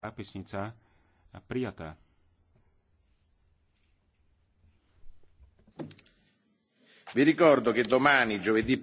zápisnica prijatá. Vi ricordo che domani, giovedì